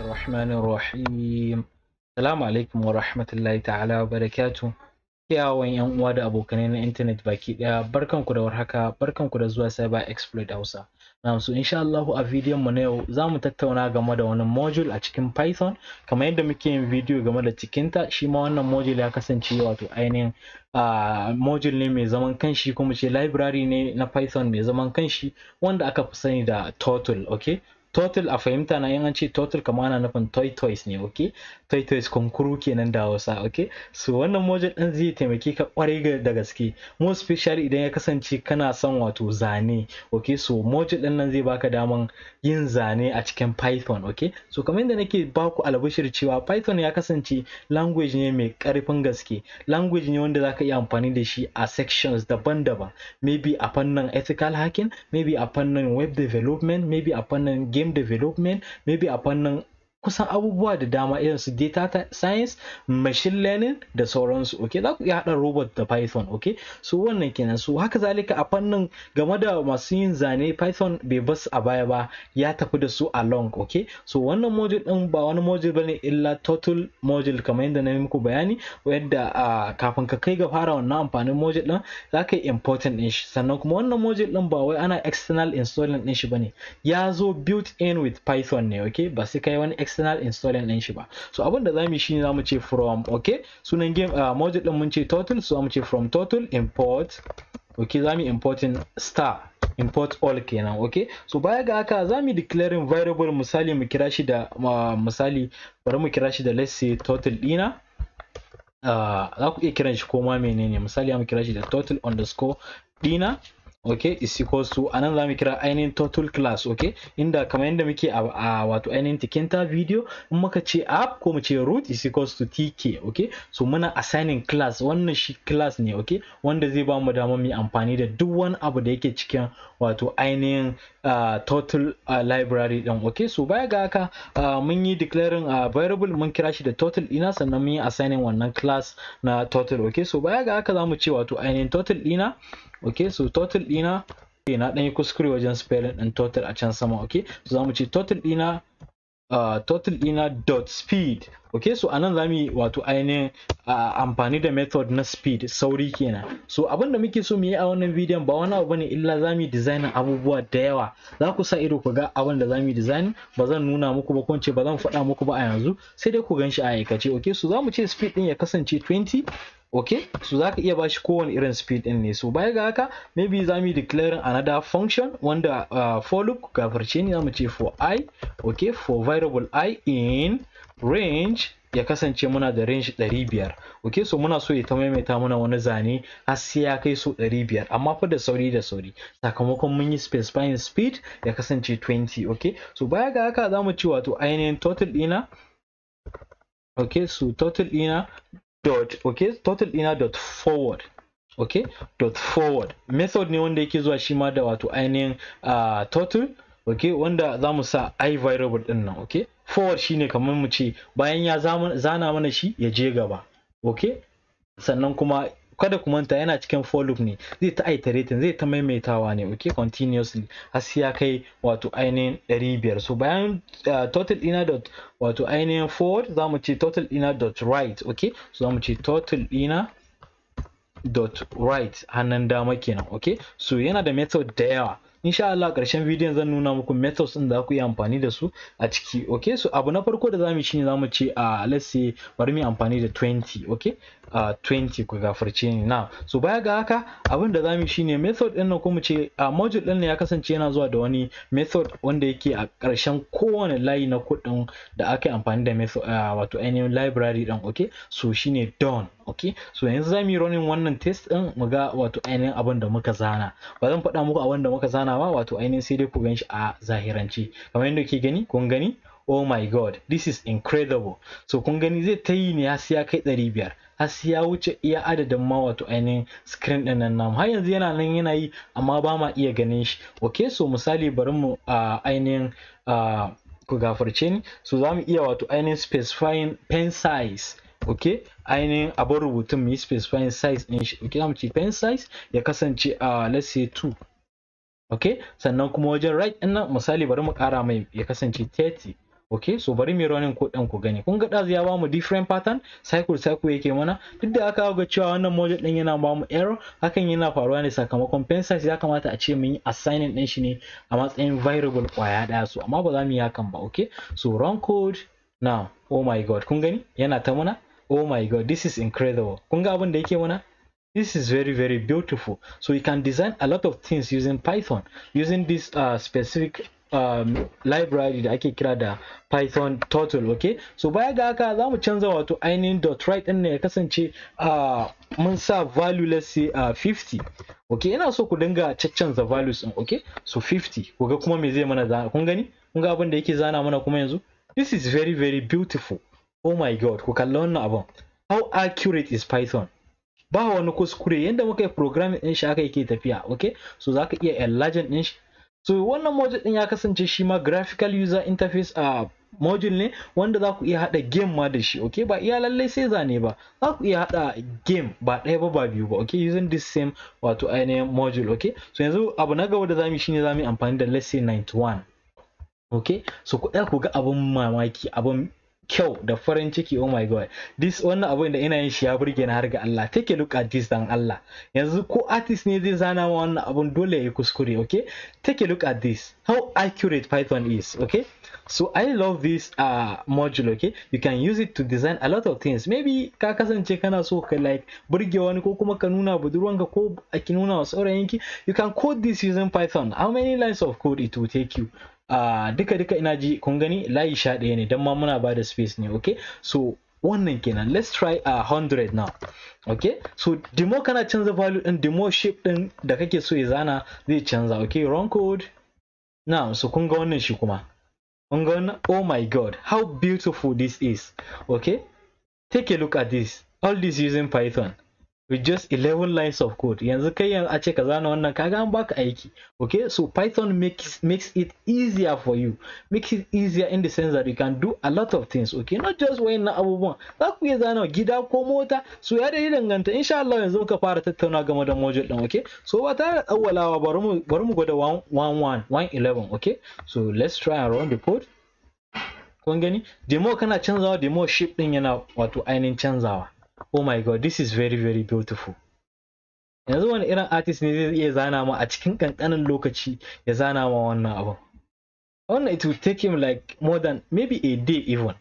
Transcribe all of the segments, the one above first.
الله الرحمن الرحيم Salamu alaikum wa rahmatullahi ta'ala wa barakatu. Kiyawan ‘yan uwa da abokanai na intanet baki ɗaya ku da warhaka barkan ku da zuwa Cyber Exploit Hausa. Na so insha Allah a bidiyon mu na yau za mu tattauna game da wani module a cikin Python kamar yadda muke yin bidiyo game da ta shi ma wannan module ya kasance wato ainihin Uh, module ne mai zaman kanshi kuma ce library ne na python mai zaman kanshi wanda aka fi sani da turtle okay total a fahimta na yin ce total kama na nufin toy toys ne ok toy toys kunkuru kenan da hausa ok so wannan mojin din zai taimake ka kwarai da gaske mo special idan ya kasance kana son wato zane ok so mojin din nan zai baka daman yin zane a cikin python ok so kamar yadda nake baku albashir cewa python ya kasance language ne mai karfin gaske language ne wanda zaka iya amfani da shi a sections daban-daban maybe a fannin ethical hacking maybe a fannin web development maybe a fannin game development maybe upon kusan abubuwa da dama irin su data science machine learning da sauransu ok za ku iya haɗa robot da python ok so wannan kenan so haka zalika a fannin game da masu yin zane python bai bas a baya ba ya tafi da su a long ok so wannan module din ba wani module bane illa total module kamar yadda na muku bayani yadda kafin ka kai ga fara wannan amfanin module din za ka yi important din shi sannan kuma wannan module din ba wai ana external installing din shi bane ya zo built in with python ne ok ba sai kai wani external installer din shi ba so abin da zamu shine zamu ce from okay sunan game uh, module din mun ce total so zamu ce from total import okay zamu importing star import all kenan okay so baya ga haka zamu declaring variable misali mu kira shi da uh, misali bari mu kira shi da let's say total dina ah, za ku iya kiran shi koma menene misali mu kira shi da total underscore dina okay is equals to anan zamu kira ainihin total class okay inda kamar yadda muke a wato ainihin tikinta video in muka ce app ko mu ce root is equals to tk okay so muna assigning class wannan shi class ne okay wanda zai ba mu dama mu amfani da duk wani abu da yake cikin wato ainihin total library din okay so baya ga haka mun yi declaring a variable mun kira shi da total dina sannan mun yi assigning wannan class na total okay so baya ga haka zamu ce wato ainihin total dina okay so total dina okay na dan yi kuskure wajen spelling din total a can sama okay so zamu ce total dina uh, total dina dot speed okay so anan zamu yi wato ainihin uh, amfani da method na speed sauri kenan so abinda muke so mu yi a wannan bidiyon ba wani abu bane illa zamu yi design abubuwa da yawa za ku sa ido ku ga abin da zamu yi design ba zan nuna muku ba ko ce ba zan faɗa muku ba a yanzu sai dai ku gan shi a aikace okay so zamu ce speed din ya kasance 20 okay so za ka iya bashi kowane irin speed din ne so baya ga haka maybe za mu yi declaring another function wanda uh, for loop farce ne za mu ce for i okay for variable i in range ya kasance muna da range 500 ok so muna so ya ta maimaita muna wani zane har sai ya kai so 500 amma fa da sauri da sauri sakamakon mun yi specifying speed ya kasance 20 ok so baya ga haka za mu ci wato ainihin total dina ok so total dina dot okay total dina dot forward okay dot forward method ne wanda yake zuwa shi ma da wato ainihin uh, total okay wanda za mu sa i variable din nan okay forward shine kamar mu ce bayan ya zana mana shi ya je gaba okay sannan kuma kada ku manta yana cikin for loop ne zai ta iterating zai ta maimaitawa ne ok continuously har sai ya kai wato ainihin 500 so bayan uh, total ina dot wato ainihin forward zamu ce total ina dot right ok so zamu ce total ina dot right hannun dama kenan ok so yana da method da yawa insha Allah ƙarshen bidiyon zan nuna muku methods ɗin da za ku yi amfani da su a ciki okay so abu na farko da zamu shine zamu ce a let's say bari mu amfani da 20 okay uh, 20 ku gafarce ni now so baya ga haka abin da zamu shine method ɗin ko mu ce a module ɗin ne ya kasance yana zuwa da wani method wanda yake a ƙarshen kowane layi na kudin da aka yi amfani da method uh, wato ainihin library din okay so shine done okay so yanzu zamu yi running wannan test din mu ga wato ainihin abin da muka zana ba zan faɗa muku abin da muka zana ba wato ainihin sai dai ku ganshi a zahirance kamar yadda ke gani kun gani oh my god this is incredible so kun gani zai ta yi ne har ya kai biyar har ya wuce iya adadin ma wato ainihin screen din nan namu har yanzu yana nan yana yi amma ba ma iya ganin shi ok so misali bari mu a ainihin ku gafarce ni so za mu iya wato ainihin specifying pen size ok ainihin abin rubutun mu yi specifying size din shi ok za mu ce pen size ya kasance a let's say 2 okay sannan kuma wajen right din nan misali bari mu kara mai ya kasance 30 okay so bari mu running ko ɗan ku gani kun ga dazu ya bamu different pattern cycle cycle yake mana duk da aka ga cewa wannan model din yana bamu error hakan yana faruwa ne sakamakon pensize ya kamata a ce mun yi assigning din shi ne a matsayin variable kwaya daya so amma ba za mu yi hakan ba okay so run code now oh my god kun gani yana ta mana oh my god this is incredible kun ga abin da yake mana this is very very beautiful so you can design a lot of things using python using this uh, specific um, library I can create python turtle okay so by ga haka change mu canza wato ainihin dot right And ya kasance uh, mun sa value let's say uh, 50 okay ina so ku dinga the values okay so 50 ku kuma me zai mana zana kun gani kun ga abin da yake zana mana kuma yanzu this is very very beautiful oh my god ku kalla abun how accurate is python ba wani kuskure yadda muka yi programming din shi aka yake tafiya okay so zaka iya enlarging din shi so wannan module din ya kasance shi ma graphical user interface a ah, module ne wanda za ku iya hada game ma da shi okay ba iya lallai sai zane ba za ku iya hada game ba ɗaya ba ba biyu ba okay using this same wato ainihin module okay so yanzu abu na gaba da zamu shine zamu amfani da let's say 91 okay so ku ku ga abun mamaki abun kyau da farin ciki oh my god this wannan abu, da ina yin shi ya burge na har ga Allah take a look at this dan Allah yanzu ko artist ne zai zana ma wannan abun dole ya yi kuskure okay take a look at this how accurate python is okay so i love this uh, module okay you can use it to design a lot of things maybe ka kasance kana so ka like burge wani ko kuma ka nuna budurwanka ko ki nuna wa saurayinki you can code this using python how many lines of code it will take you Ah, duka duka ina ji kun gani layi sha ɗaya ne don ma muna ba da space ne okay so wannan kenan let's try a uh, now okay so demo kana canza value ɗin demo shape ɗin da kake so ya zana zai canza okay wrong code now so kun ga wannan shi kuma kun ga wannan oh my god how beautiful this is okay take a look at this all this using python with just 11 lines of code yanzu kai yanzu a ce ka zana wannan kaga an baka aiki okay so python makes makes it easier for you makes it easier in the sense that you can do a lot of things okay not just na abubuwan za ku iya zana gida ko mota so ya dai danganta insha Allah yanzu muka fara tattauna game da module din okay so ba tare da tsawalawa bari mu bari mu gwada 11 111 okay so let's try and run the code kun gani demo kana canzawa demo shape din yana wato ainihin canzawa oh my god this is very very beautiful yanzu wani irin artist ne zai iya zana ma a cikin kankanin lokaci ya zana ma wannan abin wannan it will take him like more than maybe a day even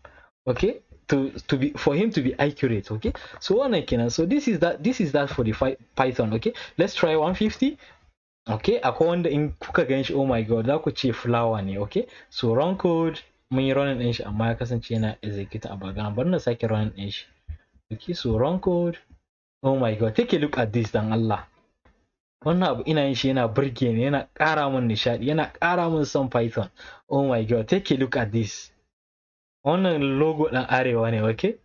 okay to to be for him to be accurate okay so wannan kenan so this is that this is that for the python okay let's try 150 okay akwai wanda in kuka gan shi oh my god za ku ce flower ne okay so run code mun yi running din shi amma ya kasance yana execute a bagana But na sake running din shi Okay, so wrong code. Oh my god, take a look at this dan Allah. Wannan abu ina shi yana burge ni, yana ƙara min nishaɗi, yana ƙara min son Python. Oh my god, take a look at this. Wannan logo ɗan arewa ne, okay?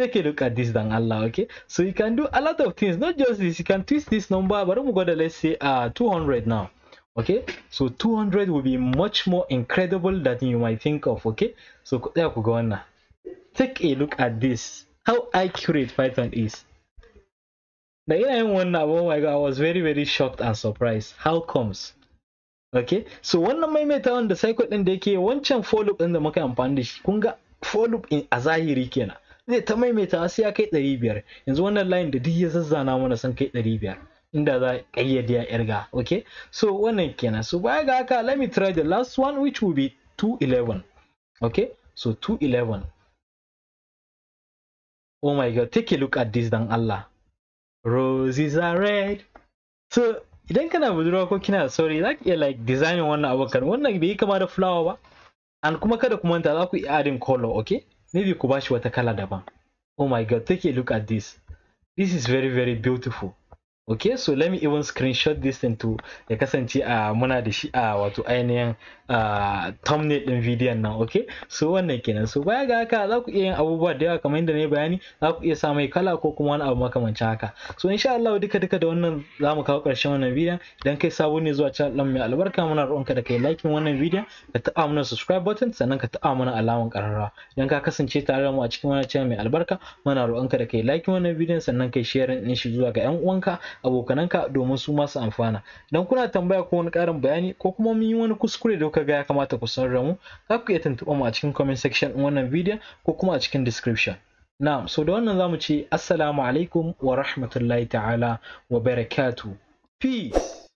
Take a look at this dan Allah, okay? So you can do a lot of things, not just this. You can twist this number, bari mu gwada let's say uh, 200 now. okay so 200 will be much more incredible than you might think of okay so take a look at this how accurate Python is. The AIM one now, oh my god, I was very, very shocked and surprised. How comes? Okay, so wannan on the cycle the da one wancan for loop in the market and pandish kunga for loop in a rikena. the zai ta maimaita sai ya kai 500 yanzu line the duk ya zazzana mana sun kai 500 inda za a erga. okay so wannan kenan so baya ga let me try the last one which will be 211 okay so 211 Oh my god, take a look at this dan Allah. Roses are red. So, idan kana budurwa ko kina sorry, za ka iya like designing wannan abokan. Wannan bai kama da flower ba. And kuma kada ku manta za ku iya adding color, okay? Maybe ku bashi wata kala daban. Oh my god, take a look at this. This is very very beautiful. okay so let me even screenshot this to ya kasance a ah, muna da shi a ah, wato ainihin ah, thumbnail din bidiyon nan okay so wannan kenan so baya ga haka za ku iya yin abubuwa da yawa kamar yadda na yi bayani za ku iya sa kala ko kuma wani abu makamancin haka so insha Allah duka duka da wannan za mu kawo karshen wannan bidiyon idan kai sabo ne zuwa channel mai albarka muna roƙonka da kai like wannan bidiyon ka taɓa mana subscribe button sannan ka taɓa mana alaman ƙararrawa idan ka kasance tare da mu a cikin wannan channel mai albarka muna roƙonka da kai like wannan bidiyon sannan kai share din shi zuwa ga 'yan uwanka abokananka domin su masu amfana don kuna tambaya ko wani karin bayani ko kuma mun yi wani kuskure da kuka ga ya kamata ku san ramu za ku iya tuntuɓa mu a cikin comment section ɗin wannan bidiyon ko kuma a cikin description na'am so da wannan zamu ce assalamu alaikum wa rahmatullahi ta'ala wa barakatuh peace